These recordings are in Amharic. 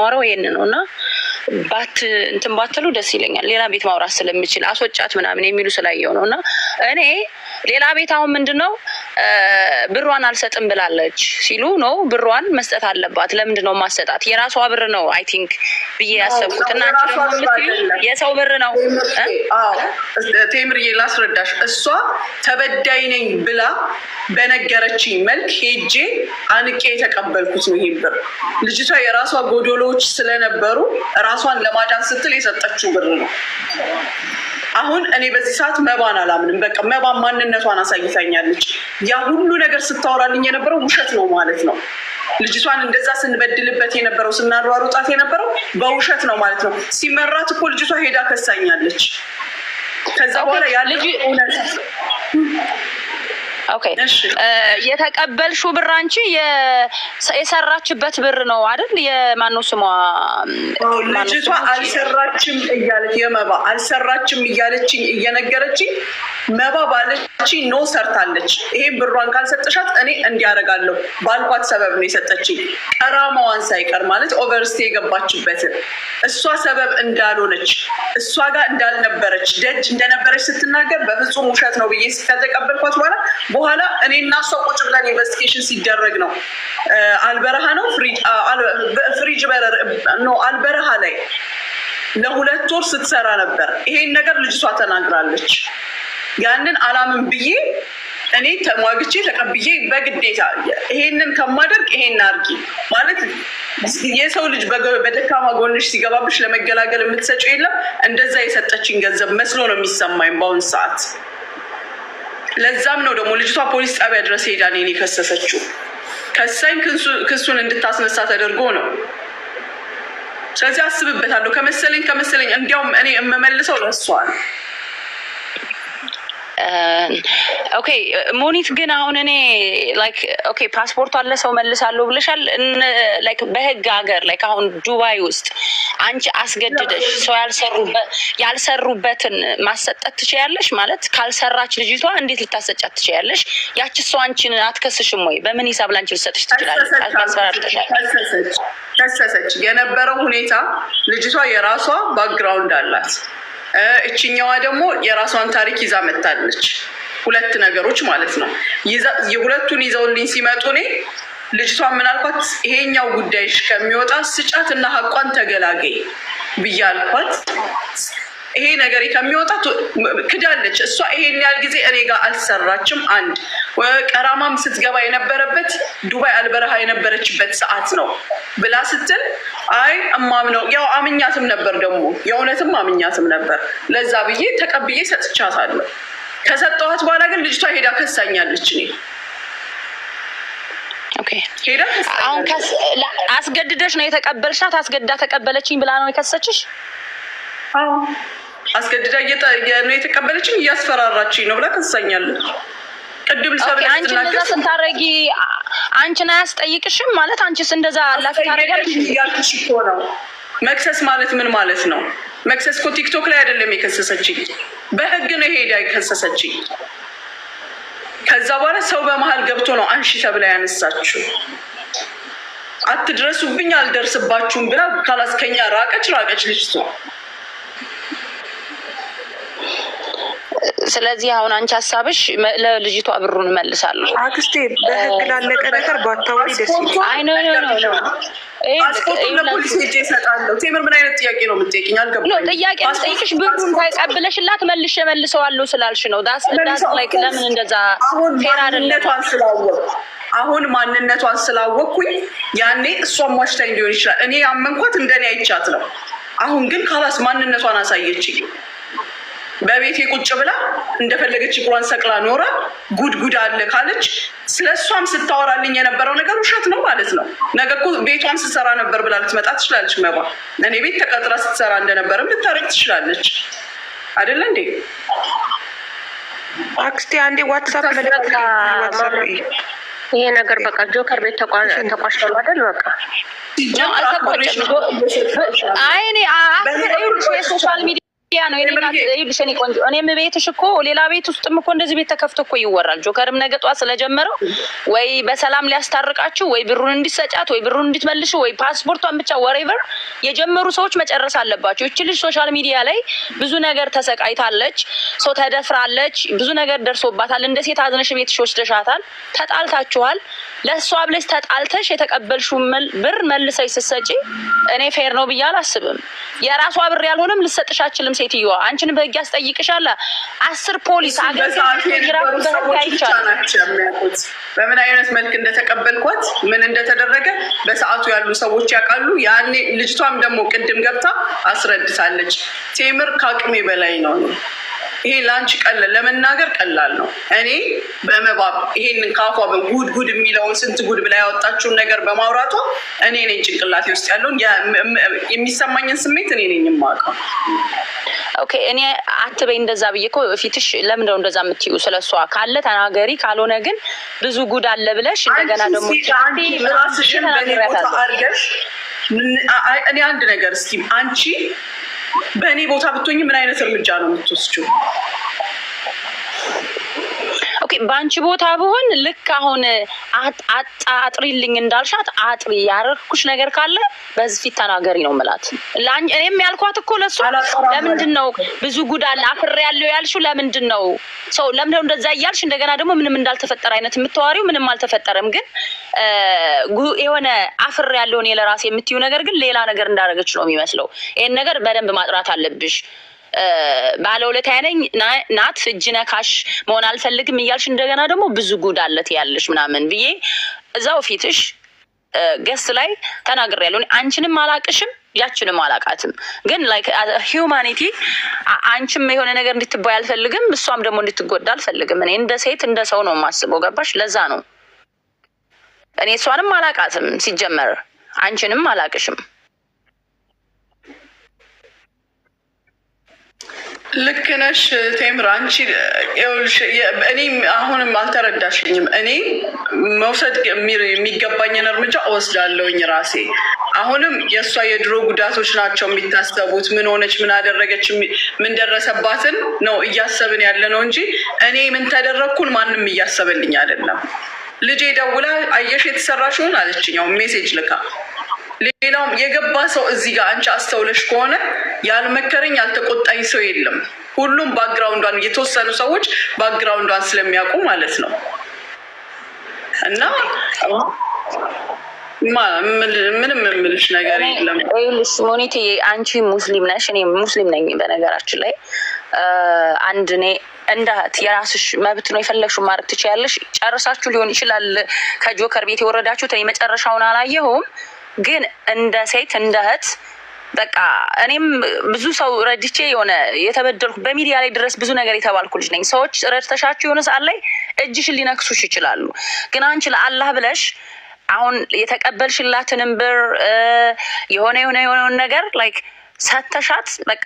የማወራው ይሄን ነው እና ባት እንትን ባትሉ ደስ ይለኛል። ሌላ ቤት ማውራት ስለምችል አስወጫት ምናምን የሚሉ ስላየው ነው እና እኔ ሌላ ቤት አሁን ምንድን ነው ብሯን አልሰጥም ብላለች ሲሉ ነው ብሯን መስጠት አለባት። ለምንድን ነው ማሰጣት? የራሷ ብር ነው አይ ቲንክ ብዬ ያሰብኩት እና የሰው ብር ነው። ቴምርዬ ላስረዳሽ። እሷ ተበዳይ ነኝ ብላ በነገረችኝ መልክ ሄጄ አንቄ የተቀበልኩት ነው ይሄን ብር። ልጅቷ የራሷ ጎዶሎዎች ስለነበሩ ራሷን ለማዳን ስትል የሰጠችው ብር ነው። አሁን እኔ በዚህ ሰዓት መባን አላምንም። በቃ መባን ማንነቷን አሳይታኛለች። ያ ሁሉ ነገር ስታወራልኝ የነበረው ውሸት ነው ማለት ነው። ልጅቷን እንደዛ ስንበድልበት የነበረው ስናሯሩጣት የነበረው በውሸት ነው ማለት ነው። ሲመራት እኮ ልጅቷ ሄዳ ከሳኛለች። ከዛ በኋላ ያለ ኦኬ የተቀበልሽው ብር አንቺ የሰራችበት ብር ነው አይደል? የማነው ስሟ ልጅቷ አልሰራችም እያለች የመባ አልሰራችም እያለችኝ እየነገረችኝ መባ ባለችኝ ኖ ሰርታለች። ይሄን ብሯን ካልሰጠሻት እኔ እንዲያደርጋለሁ ባልኳት ሰበብ ነው የሰጠችኝ። ቀራማዋን ሳይቀር ማለት ኦቨርስቴ የገባችበትን እሷ ሰበብ እንዳልሆነች እሷ ጋር እንዳልነበረች ደጅ እንደነበረች ስትናገር በፍጹም ውሸት ነው ብዬ ከተቀበልኳት በኋላ በኋላ እኔ እና እሷ ቁጭ ብለን ኢንቨስቲጌሽን ሲደረግ ነው አልበረሃ ነው ፍሪጅ በረር ነው አልበረሃ ላይ ለሁለት ወር ስትሰራ ነበር። ይሄን ነገር ልጅቷ ተናግራለች። ያንን አላምን ብዬ እኔ ተሟግቼ ተቀብዬ በግዴታ ይሄንን ከማደርግ ይሄን አርጊ ማለት የሰው ልጅ በደካማ ጎንሽ ሲገባብሽ ለመገላገል የምትሰጭ የለም። እንደዛ የሰጠችኝ ገንዘብ መስሎ ነው የሚሰማኝ በአሁን ሰዓት። ለዛም ነው ደግሞ ልጅቷ ፖሊስ ጣቢያ ድረስ ሄዳ እኔን የከሰሰችው። ከሳኝ ክሱን እንድታስነሳ ተደርጎ ነው። ስለዚህ አስብበታለሁ። ከመሰለኝ ከመሰለኝ እንዲያውም እኔ የምመልሰው ለሷል ኦኬ uh, ሞኒት ግን አሁን እኔ ላይክ ኦኬ ፓስፖርቷ አለ ሰው መልሳለሁ ብለሻል። ላይክ በህግ ሀገር ላይክ አሁን ዱባይ ውስጥ አንቺ አስገድደሽ ሰው ያልሰሩበትን ማሰጠት ትችያለሽ ማለት ካልሰራች ልጅቷ እንዴት ልታሰጫት ትችያለሽ? ያቺ ሰው አንቺን አትከስሽም ወይ? በምን ሂሳብ ላንቺ ልሰጥሽ ትችላለች? ከሰሰች። የነበረው ሁኔታ ልጅቷ የራሷ ባክግራውንድ አላት። እችኛዋ ደግሞ የራሷን ታሪክ ይዛ መታለች። ሁለት ነገሮች ማለት ነው። ሁለቱን ይዘውልኝ ሲመጡ እኔ ልጅቷ ምናልባት ይሄኛው ጉዳይሽ ከሚወጣ ስጫት እና ሀቋን ተገላገይ ብያልኳት። ይሄ ነገር ከሚወጣ ክዳለች እሷ። ይሄን ያህል ጊዜ እኔ ጋር አልሰራችም። አንድ ቀራማም ስትገባ የነበረበት ዱባይ አልበረሃ የነበረችበት ሰዓት ነው ብላ ስትል አይ እማም ነው ያው አምኛትም ነበር ደግሞ የእውነትም አምኛትም ነበር። ለዛ ብዬ ተቀብዬ ሰጥቻታለሁ። ከሰጠኋት በኋላ ግን ልጅቷ ሄዳ ከሳኛለች እኔ አሁን አስገድደሽ ነው የተቀበልሽ? ናት አስገድዳ ተቀበለችኝ ብላ ነው የከሰችሽ? አስገድዳ ነው የተቀበለችኝ፣ እያስፈራራችኝ ነው ብላ ከሳኛለች። ቅድም ልሰብለስናገር ስታረጊ አንቺን አያስጠይቅሽም ማለት አንቺስ እንደዛ ላፊ እኮ ነው። መክሰስ ማለት ምን ማለት ነው? መክሰስ እኮ ቲክቶክ ላይ አይደለም የከሰሰችኝ፣ በህግ ነው የሄዳ የከሰሰችኝ ከዛ በኋላ ሰው በመሀል ገብቶ ነው አንሺ ተብላ ያነሳችው። አትድረሱብኝ አልደርስባችሁም ብላ ካላስከኛ ራቀች ራቀች ልጅቷ። ስለዚህ አሁን አንቺ ሀሳብሽ ለልጅቷ ብሩን እመልሳለሁ። አክስቴ በህግ ላለቀ ነገር ባታወሪ ደስ ፓስፖርቱን ለፖሊስ ሄጄ እሰጣለሁ። ቴምር ምን አይነት ጥያቄ ነው የምትጠይቂኝ? አልገባኝም። ጥያቄ የምጠይቅሽ ብሩን ታይቀብለሽላት መልሼ መልሰዋለሁ ስላልሽ ነው። ዳስ ላይክ ለምን እንደዛ ስላወቅ አሁን ማንነቷን ስላወቅኩኝ ያኔ እሷም ዋሽታኝ ሊሆን ይችላል። እኔ ያመንኳት እንደኔ አይቻት ነው። አሁን ግን ካላስ ማንነቷን አሳየችኝ። በቤቴ ቁጭ ብላ እንደፈለገች ቁራን ሰቅላ ኖራ ጉድ ጉድ አለ ካለች፣ ስለ እሷም ስታወራልኝ የነበረው ነገር ውሸት ነው ማለት ነው። ነገ እኮ ቤቷም ስትሰራ ነበር ብላ ልትመጣ ትችላለች። መባ እኔ ቤት ተቀጥራ ስትሰራ እንደነበርም ልታረግ ትችላለች። አይደለ እንዴ? አክስቴ አንዴ ዋትሳፕ ይሄ ነገር በቃ ጆከር ቤት ተቋሽሏል አይደል? በቃ አይ እኔ የሶሻል ሚዲያ ያ ነው ልሽኔ ቆንጆ። እኔም ቤትሽ እኮ ሌላ ቤት ውስጥም እኮ እንደዚህ ቤት ተከፍቶ እኮ ይወራል። ጆከርም ነገ ጠዋት ስለጀመረው ወይ በሰላም ሊያስታርቃችሁ፣ ወይ ብሩን እንዲሰጫት፣ ወይ ብሩን እንዲትመልሽ፣ ወይ ፓስፖርቷን ብቻ ወሬቨር የጀመሩ ሰዎች መጨረስ አለባቸው። ይቺ ልጅ ሶሻል ሚዲያ ላይ ብዙ ነገር ተሰቃይታለች፣ ሰው ተደፍራለች፣ ብዙ ነገር ደርሶባታል። እንደ ሴት አዝነሽ ቤትሽ ወስደሻታል፣ ተጣልታችኋል። ለእሷ ብለሽ ተጣልተሽ የተቀበልሽው ብር መልሰሽ ስትሰጪ እኔ ፌር ነው ብዬ አላስብም። የራሷ ብር ያልሆነም ልሰጥሽ አችልም ሴት ሴትዮዋ አንቺን በህግ ያስጠይቅሻል። አስር ፖሊስ በምን አይነት መልክ እንደተቀበልኳት ምን እንደተደረገ በሰዓቱ ያሉ ሰዎች ያውቃሉ። ያኔ ልጅቷም ደግሞ ቅድም ገብታ አስረድታለች። ቴምር ከአቅሜ በላይ ነው ይሄ ለአንቺ ቀለ ለመናገር ቀላል ነው። እኔ በመባብ ይሄንን ካፏ በጉድ ጉድ የሚለውን ስንት ጉድ ብላ ያወጣችውን ነገር በማውራቷ እኔ ነኝ ጭንቅላቴ ውስጥ ያለውን የሚሰማኝን ስሜት እኔ ነኝ የማውቀው። ኦኬ እኔ አትበይ እንደዛ ብዬ እኮ ፊትሽ ለምንድነው እንደዛ የምትዩ? ስለሷ ካለ ተናገሪ፣ ካልሆነ ግን ብዙ ጉድ አለ ብለሽ እንደገና ደግሞ ራስሽን በኔ ቦታ አድርገሽ እኔ አንድ ነገር እስኪ አንቺ በእኔ ቦታ ብትሆኝ ምን አይነት እርምጃ ነው የምትወስችው? ኦኬ በአንቺ ቦታ ብሆን ልክ አሁን አጥሪልኝ እንዳልሻት አጥሪ ያረኩሽ ነገር ካለ በዚህ ፊት ተናገሪ ነው ምላት። እኔም ያልኳት እኮ ለሱ ለምንድን ነው ብዙ ጉዳል አፍሬ ያለው ያልሽው ለምንድን ነው ሰው ለምንድነው እንደዛ እያልሽ እንደገና ደግሞ ምንም እንዳልተፈጠረ አይነት የምታወሪው ምንም አልተፈጠረም፣ ግን የሆነ አፍሬ ያለውን የለራሴ የምትዩ ነገር ግን ሌላ ነገር እንዳደረገች ነው የሚመስለው። ይህን ነገር በደንብ ማጥራት አለብሽ። ባለውለታዬ ነኝ ናት እጅ ነካሽ መሆን አልፈልግም እያልሽ እንደገና ደግሞ ብዙ ጉዳለት ያለሽ ምናምን ብዬ እዛው ፊትሽ ገስ ላይ ተናግሬያለሁ። አንቺንም አላቅሽም ያችንም አላቃትም። ግን ላይክ ሂውማኒቲ አንቺም የሆነ ነገር እንድትባይ አልፈልግም፣ እሷም ደግሞ እንድትጎዳ አልፈልግም። እኔ እንደ ሴት እንደ ሰው ነው የማስበው። ገባሽ? ለዛ ነው እኔ እሷንም አላቃትም ሲጀመር አንቺንም አላቅሽም። ልክ ነሽ ቴምር፣ አንቺ እኔ አሁንም አልተረዳሽኝም። እኔ መውሰድ የሚገባኝን እርምጃ እወስዳለሁኝ ራሴ። አሁንም የእሷ የድሮ ጉዳቶች ናቸው የሚታሰቡት። ምን ሆነች፣ ምን አደረገች፣ ምን ደረሰባትን ነው እያሰብን ያለ ነው እንጂ እኔ ምን ተደረግኩን ማንም እያሰበልኝ አይደለም። ልጄ ደውላ አየሽ የተሰራሽውን አለችኛው ሜሴጅ ልካ ሌላውም የገባ ሰው እዚህ ጋር አንቺ አስተውለሽ ከሆነ ያልመከረኝ ያልተቆጣኝ ሰው የለም። ሁሉም ባክግራውንዷን የተወሰኑ ሰዎች ባክግራውንዷን ስለሚያውቁ ማለት ነው እና ምንም የምልሽ ነገር የለም። ሞኒቴ አንቺ ሙስሊም ነሽ፣ እኔ ሙስሊም ነኝ። በነገራችን ላይ አንድ እኔ እንዳት የራስሽ መብት ነው፣ የፈለግሽው ማድረግ ትችያለሽ። ጨርሳችሁ ሊሆን ይችላል ከጆከር ቤት የወረዳችሁት። እኔ መጨረሻውን አላየሁም። ግን እንደ ሴት እንደ እህት በቃ እኔም ብዙ ሰው ረድቼ የሆነ የተበደልኩ በሚዲያ ላይ ድረስ ብዙ ነገር የተባልኩ ልጅ ነኝ። ሰዎች ረድተሻቸው የሆነ ሰዓት ላይ እጅሽን ሊነክሱሽ ይችላሉ። ግን አንቺ ለአላህ ብለሽ አሁን የተቀበልሽላትንም ብር የሆነ የሆነ የሆነውን ነገር ላይክ ሰተሻት በቃ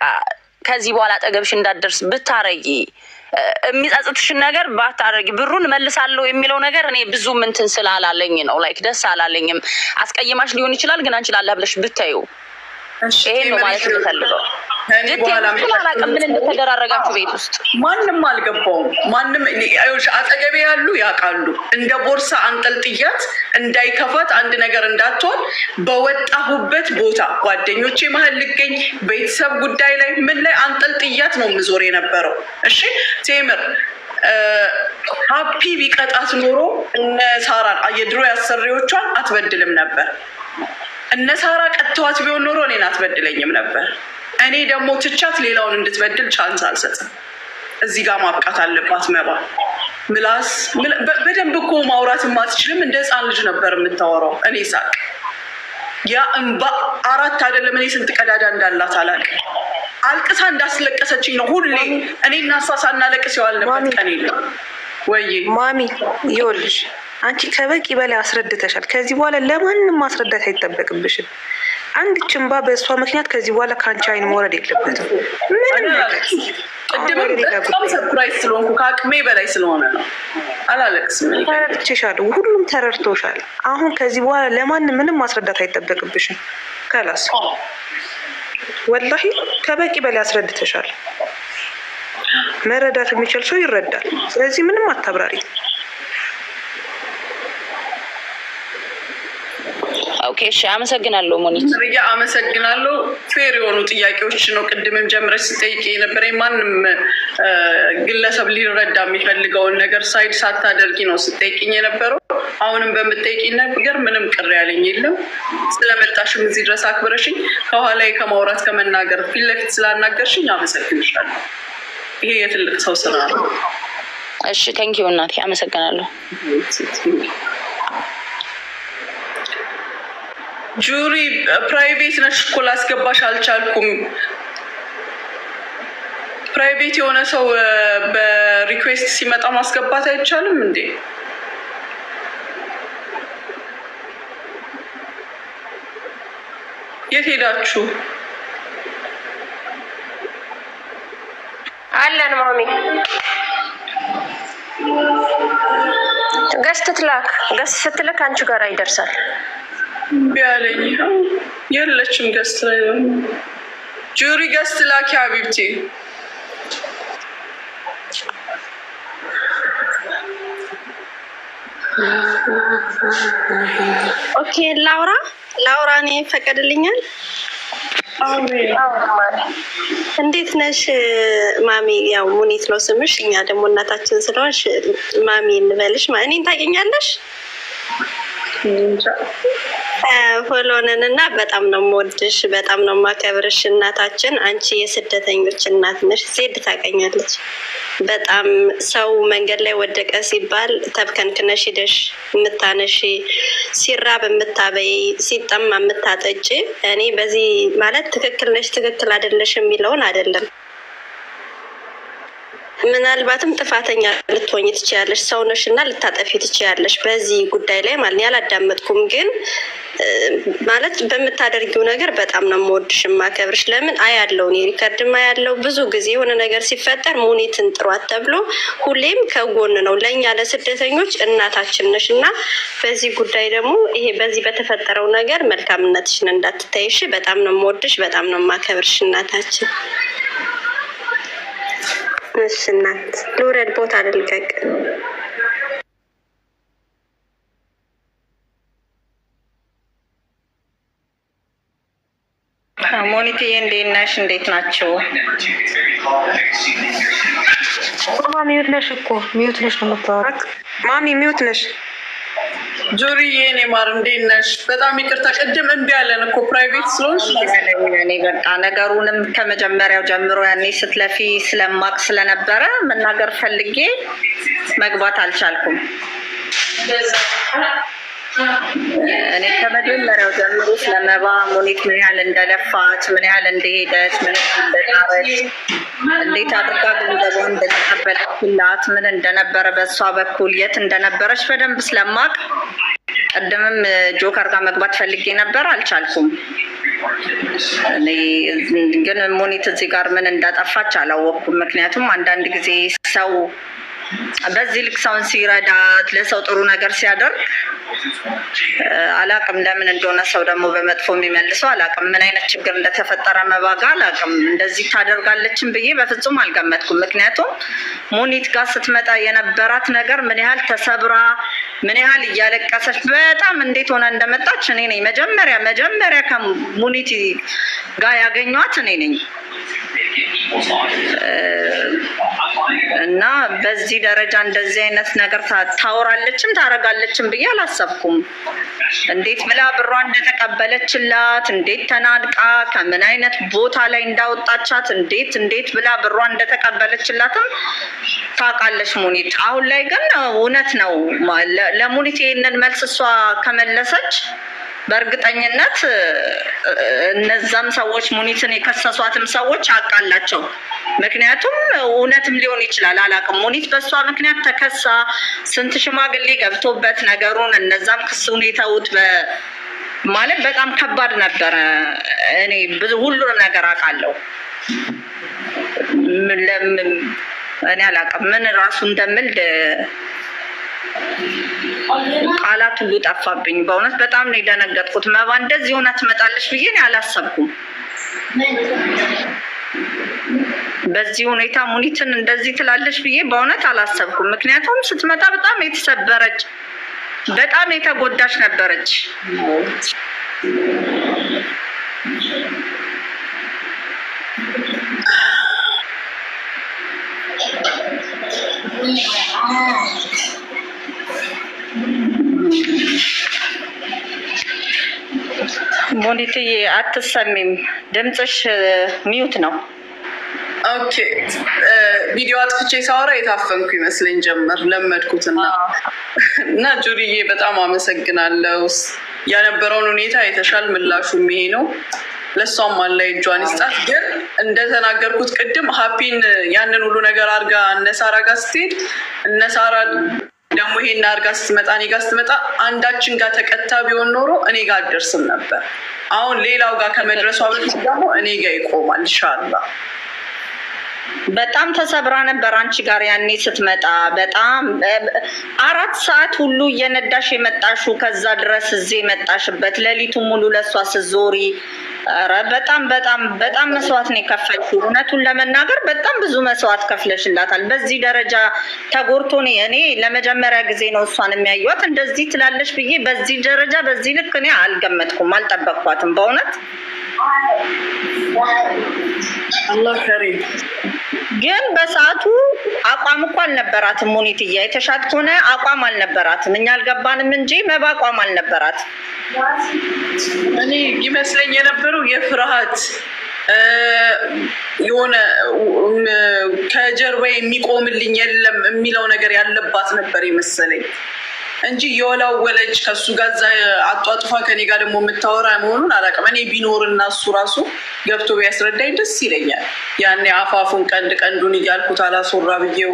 ከዚህ በኋላ አጠገብሽ እንዳትደርስ ብታረጊ የሚጸጽትሽን ነገር ባታረጊ ብሩን መልሳለሁ የሚለው ነገር እኔ ብዙ ምንትን ስላላለኝ ነው። ላይክ ደስ አላለኝም። አስቀይማሽ ሊሆን ይችላል፣ ግን አንችላለ ብለሽ ብታዩ ይሄን ነው ማለት የምፈልገው። አላውቅም ምን እንደተደራረጋችሁ ቤት ውስጥ ማንም አልገባውም። ማንም አጠገቤ ያሉ ያውቃሉ። እንደ ቦርሳ አንጠልጥያት እንዳይከፋት አንድ ነገር እንዳትሆን በወጣሁበት ቦታ ጓደኞቼ መሀል ልገኝ፣ ቤተሰብ ጉዳይ ላይ ምን ላይ አንጠልጥያት ነው ምዞር የነበረው። እሺ ቴምር ሀፒ ቢቀጣት ኖሮ እነ ሳራን የድሮ ያሰሪዎቿን አትበድልም ነበር። እነ ሳራ ቀጥተዋት ቢሆን ኖሮ እኔን አትበድለኝም ነበር። እኔ ደግሞ ትቻት ሌላውን እንድትበድል ቻንስ አልሰጥም። እዚህ ጋር ማብቃት አለባት። መባ ምላስ በደንብ እኮ ማውራት አትችልም። እንደ ህፃን ልጅ ነበር የምታወራው። እኔ ሳቅ ያ እንባ አራት አይደለም እኔ ስንት ቀዳዳ እንዳላት አላውቅም። አልቅሳ እንዳስለቀሰችኝ ነው ሁሌ እኔ እናሳሳ ሳናለቅስ የዋልንበት ቀን የለም ወይ ማሚ ይኸውልሽ አንቺ ከበቂ በላይ አስረድተሻል። ከዚህ በኋላ ለማንም ማስረዳት አይጠበቅብሽም። አንድ ችንባ በእሷ ምክንያት ከዚህ በኋላ ከአንቺ አይን መውረድ የለበትም። ምንም ቅድምም ስለሆንኩ ከአቅሜ በላይ ስለሆነ ነው አላለቅስም። ተረድቼሻለሁ። ሁሉም ተረድቶሻል። አሁን ከዚህ በኋላ ለማንም ምንም ማስረዳት አይጠበቅብሽም። ከላስ ወላሂ ከበቂ በላይ አስረድተሻል። መረዳት የሚችል ሰው ይረዳል። ስለዚህ ምንም አታብራሪ። ኦኬ እሺ፣ አመሰግናለሁ ሞኒት ያ አመሰግናለሁ። ፌር የሆኑ ጥያቄዎች ነው። ቅድምም ጀምረች ስጠይቅ የነበረ ማንም ግለሰብ ሊረዳ የሚፈልገውን ነገር ሳይድ ሳታደርጊ ነው ስጠይቅኝ የነበረው። አሁንም በምጠይቅኝ ነገር ምንም ቅር ያለኝ የለም። ስለመጣሽም እዚህ ድረስ አክብረሽኝ ከኋላ ከማውራት ከመናገር ፊት ለፊት ስላናገርሽኝ አመሰግንሻለሁ። ይሄ የትልቅ ሰው ስራ ነው። እሺ፣ ተንኪዩ እናቴ፣ አመሰግናለሁ። ጁሪ ፕራይቬት ነሽ እኮ ላስገባሽ አልቻልኩም። ፕራይቬት የሆነ ሰው በሪኩዌስት ሲመጣ ማስገባት አይቻልም እንዴ? የት ሄዳችሁ? አለን ማሚ ገስት ትላክ ገስት ስትልክ አንቺ ጋር ይደርሳል። ቢያለኝ የለችም። ገስት ላይ ጁሪ ገስት ላኪ ሀቢብቲ ኦኬ ላውራ ላውራ እኔ ፈቀድልኛል። እንዴት ነሽ ማሚ? ያው ሙኒት ነው ስምሽ፣ እኛ ደግሞ እናታችን ስለሆንሽ ማሚ እንበልሽ። እኔን ታገኛለሽ? ፎሎነን እና በጣም ነው የምወድሽ፣ በጣም ነው የማከብርሽ እናታችን። አንቺ የስደተኞች እናት ነሽ። ዜድ ታቀኛለች በጣም ሰው መንገድ ላይ ወደቀ ሲባል ተብከንክነሽ ሂደሽ የምታነሺ፣ ሲራብ የምታበይ፣ ሲጠማ የምታጠጭ። እኔ በዚህ ማለት ትክክል ነሽ ትክክል አይደለሽ የሚለውን አይደለም ምናልባትም ጥፋተኛ ልትሆኝ ትችያለሽ፣ ሰውነሽ እና ልታጠፊ ትችያለሽ። በዚህ ጉዳይ ላይ ማለት ያላዳመጥኩም፣ ግን ማለት በምታደርጊው ነገር በጣም ነው የምወድሽ የማከብርሽ። ለምን አያለው እኔ ሪከርድማ ያለው ብዙ ጊዜ የሆነ ነገር ሲፈጠር ሙኒትን ጥሯት ተብሎ ሁሌም ከጎን ነው ለእኛ ለስደተኞች እናታችን ነሽ እና በዚህ ጉዳይ ደግሞ ይሄ በዚህ በተፈጠረው ነገር መልካምነትሽን እንዳትታይሽ፣ በጣም ነው የምወድሽ፣ በጣም ነው የማከብርሽ እናታችን እሺ እናት ልውረድ፣ ቦታ ልልቀቅ። ሞኒትዬ እንዴት ነሽ? እንዴት ናቸው? ማሚ ሚዩት ነሽ እኮ ሚዩት ነሽ ነው የምታወራው። ማሚ ሚዩት ነሽ ጆሪዬ የኔ ማር እንዴት ነሽ? በጣም ይቅርታ ቅድም እምቢ ያለን እኮ ፕራይቬት ስለሆንሽ በቃ ነገሩንም ከመጀመሪያው ጀምሮ ያኔ ስትለፊ ስለማቅ ስለነበረ መናገር ፈልጌ መግባት አልቻልኩም። እኔ ከመጀመሪያው ጀምሮ ስለመባ ሙኒክ ምን ያህል እንደለፋች፣ ምን ያህል እንደሄደች፣ ምን ያህል እንደጣረች፣ እንዴት አድርጋ ገንዘቧ እንደተቀበለችላት፣ ምን እንደነበረ በእሷ በኩል የት እንደነበረች በደንብ ስለማቅ ቀደምም ጆከር ጋር መግባት ፈልጌ ነበር፣ አልቻልኩም። ግን ሙኒት እዚህ ጋር ምን እንዳጠፋች አላወቅኩም። ምክንያቱም አንዳንድ ጊዜ ሰው በዚህ ልክ ሰውን ሲረዳት ለሰው ጥሩ ነገር ሲያደርግ አላቅም ለምን እንደሆነ ሰው ደግሞ በመጥፎ የሚመልሰው አላቅም። ምን አይነት ችግር እንደተፈጠረ መባጋ አላቅም። እንደዚህ ታደርጋለችን ብዬ በፍጹም አልገመትኩም። ምክንያቱም ሙኒት ጋር ስትመጣ የነበራት ነገር ምን ያህል ተሰብራ ምን ያህል እያለቀሰች በጣም እንዴት ሆነ እንደመጣች እኔ ነኝ መጀመሪያ መጀመሪያ ከሙኒት ጋር ያገኟት እኔ ነኝ። እና በዚህ ደረጃ እንደዚህ አይነት ነገር ታወራለችም ታረጋለችም ብዬ አላሰብኩም። እንዴት ብላ ብሯ እንደተቀበለችላት፣ እንዴት ተናድቃ ከምን አይነት ቦታ ላይ እንዳወጣቻት፣ እንዴት እንዴት ብላ ብሯ እንደተቀበለችላትም ታውቃለች ሙኒት። አሁን ላይ ግን እውነት ነው ለሙኒት ይህንን መልስ እሷ ከመለሰች በእርግጠኝነት እነዛም ሰዎች ሙኒትን የከሰሷትም ሰዎች አውቃላቸው። ምክንያቱም እውነትም ሊሆን ይችላል አላቅም። ሙኒት በእሷ ምክንያት ተከሳ ስንት ሽማግሌ ገብቶበት ነገሩን እነዛም ክስ ሁኔታውት ማለት በጣም ከባድ ነበረ። እኔ ብዙ ሁሉንም ነገር አውቃለሁ። እኔ አላውቅም ምን ራሱ እንደምል ቃላት ሁሉ ጠፋብኝ። በእውነት በጣም ነው የደነገጥኩት። መባ እንደዚህ ሆና ትመጣለች ብዬ እኔ አላሰብኩም። በዚህ ሁኔታ ሙኒትን እንደዚህ ትላለች ብዬ በእውነት አላሰብኩም። ምክንያቱም ስትመጣ በጣም የተሰበረች በጣም የተጎዳች ነበረች። ቆንዲትዬ አትሰሚም፣ ድምፅሽ ሚዩት ነው። ኦኬ ቪዲዮ አጥፍቼ ሳወራ የታፈንኩ ይመስለኝ ጀመር ለመድኩትና እና ጁሪዬ በጣም አመሰግናለሁ። ያነበረውን ሁኔታ የተሻል ምላሹ ይሄ ነው። ለእሷም አላ እጇን ይስጣት። ግን እንደተናገርኩት ቅድም ሀፒን ያንን ሁሉ ነገር አድርጋ እነሳራ ጋር ስትሄድ እነሳራ ደግሞ ይሄን አድርጋ ስትመጣ እኔ ጋ ስትመጣ አንዳችን ጋር ተቀታ ቢሆን ኖሮ እኔ ጋር አደርስም ነበር። አሁን ሌላው ጋር ከመድረሷ በፊት ደግሞ እኔ ጋር ይቆማል። ኢንሻላህ በጣም ተሰብራ ነበር አንቺ ጋር ያኔ ስትመጣ። በጣም አራት ሰዓት ሁሉ እየነዳሽ የመጣሹ ከዛ ድረስ እዚህ የመጣሽበት ሌሊቱ ሙሉ ለእሷ ስዞሪ ኧረ በጣም በጣም በጣም መስዋዕት ነው የከፈልሽው። እውነቱን ለመናገር በጣም ብዙ መስዋዕት ከፍለሽላታል። በዚህ ደረጃ ተጎድቶ እኔ ለመጀመሪያ ጊዜ ነው እሷን የሚያዩት እንደዚህ ትላለሽ ብዬ በዚህ ደረጃ በዚህ ልክ እኔ አልገመትኩም፣ አልጠበቅኳትም በእውነት አላህ ግን በሰዓቱ አቋም እኮ አልነበራትም። ሙኒትዬ የተሻት ከሆነ አቋም አልነበራትም። እኛ አልገባንም እንጂ መባ አቋም አልነበራት። እኔ ይመስለኝ የነበረው የፍርሃት የሆነ ከጀርባ የሚቆምልኝ የለም የሚለው ነገር ያለባት ነበር የመሰለኝ። እንጂ የወላወለች ከሱ ጋር እዛ አጧጥፋ ከኔ ጋር ደግሞ የምታወራ መሆኑን አላውቅም። እኔ ቢኖር እና እሱ ራሱ ገብቶ ቢያስረዳኝ ደስ ይለኛል። ያኔ አፋፉን ቀንድ ቀንዱን እያልኩት አላስወራ ብዬው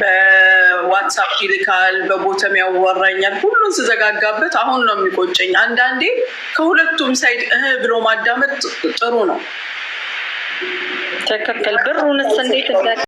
በዋትሳፕ ይልካል፣ በቦተም ያወራኛል። ሁሉን ስዘጋጋበት አሁን ነው የሚቆጨኝ። አንዳንዴ ከሁለቱም ሳይድ እህ ብሎ ማዳመጥ ጥሩ ነው። ትክክል ብር እውነት እንዴት